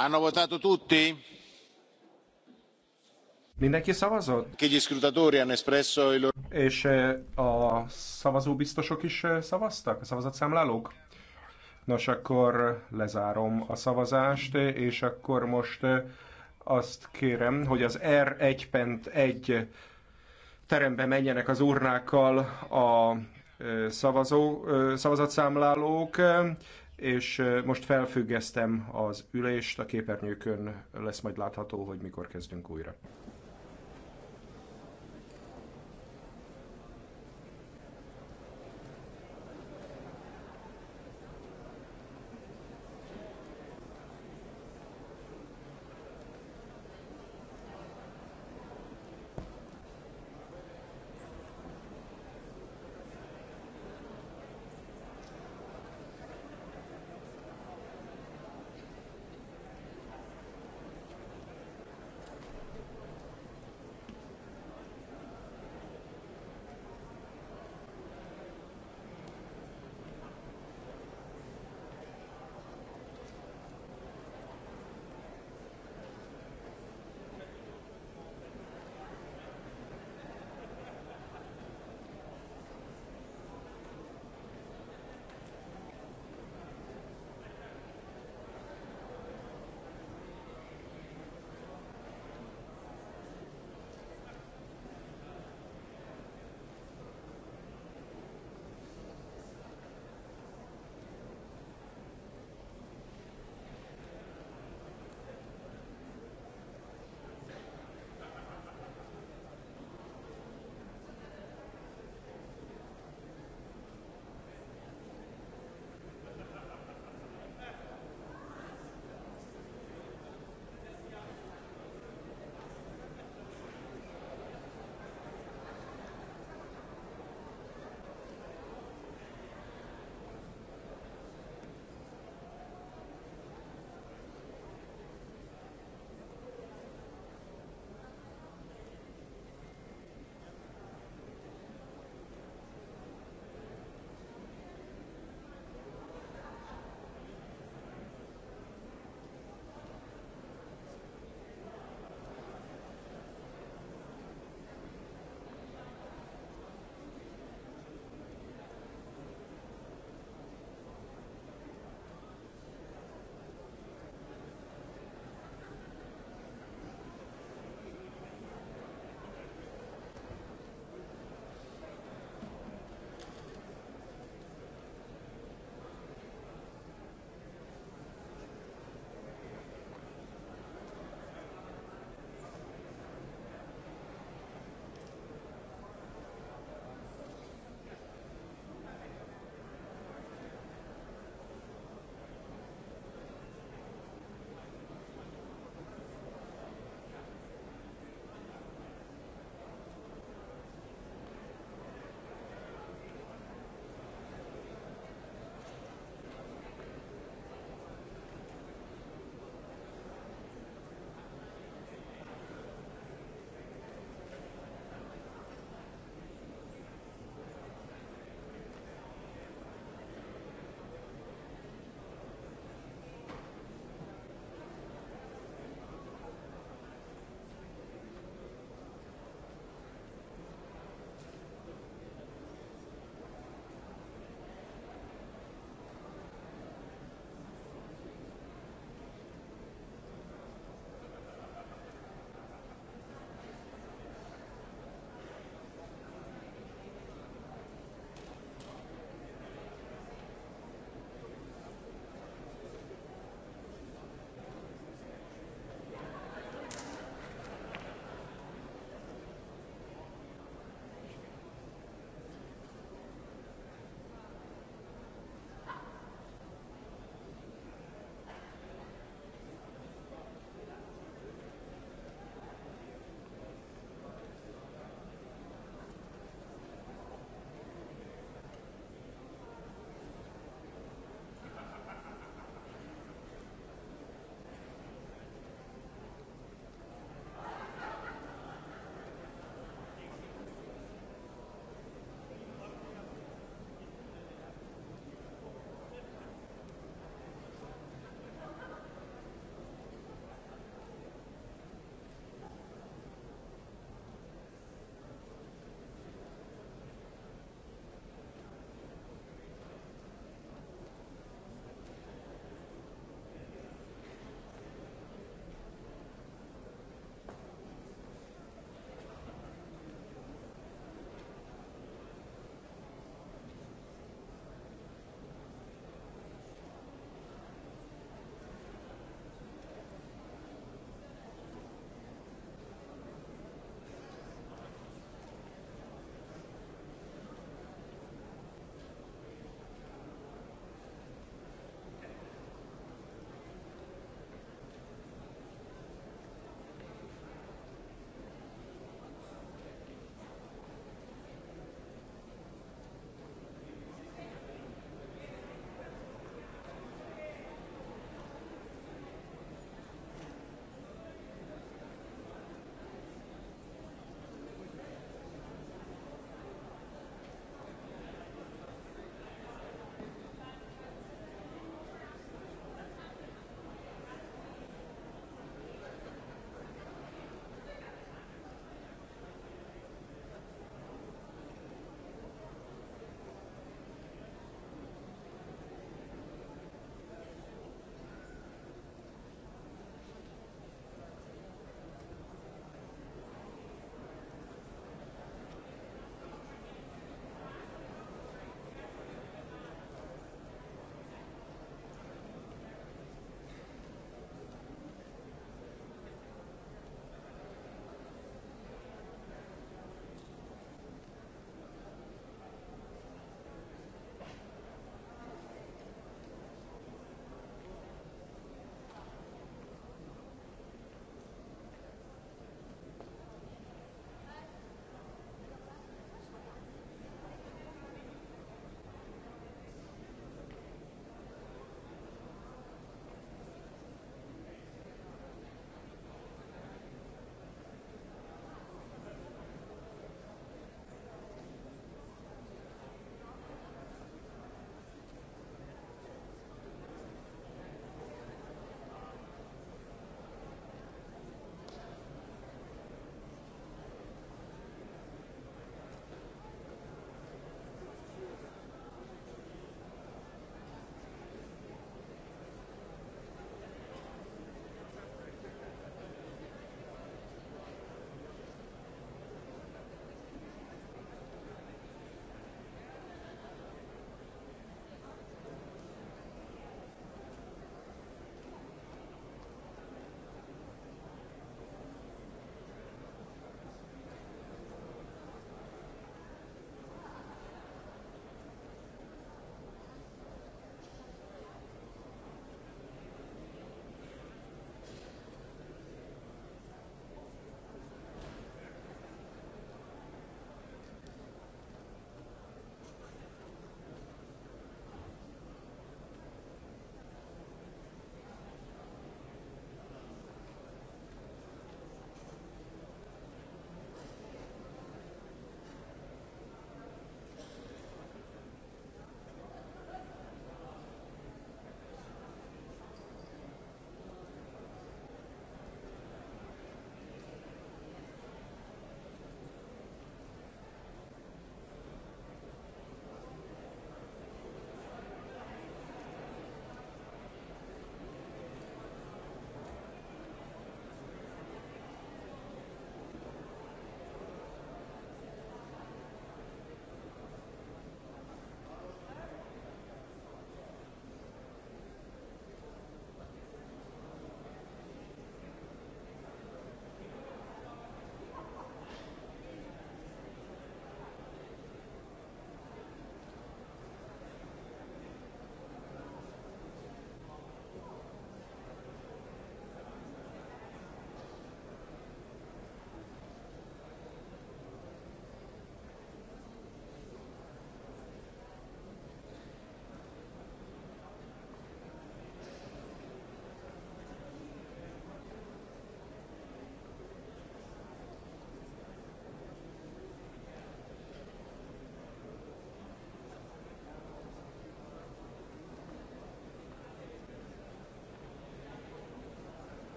Hanno votato tutti? Mindenki szavazott? Che gli hanno espresso il loro... És eh, a szavazóbiztosok is eh, szavaztak? A szavazatszámlálók? Nos, akkor lezárom a szavazást, és akkor most eh, azt kérem, hogy az R1.1 terembe menjenek az urnákkal a szavazó, szavazatszámlálók, és most felfüggesztem az ülést, a képernyőkön lesz majd látható, hogy mikor kezdünk újra.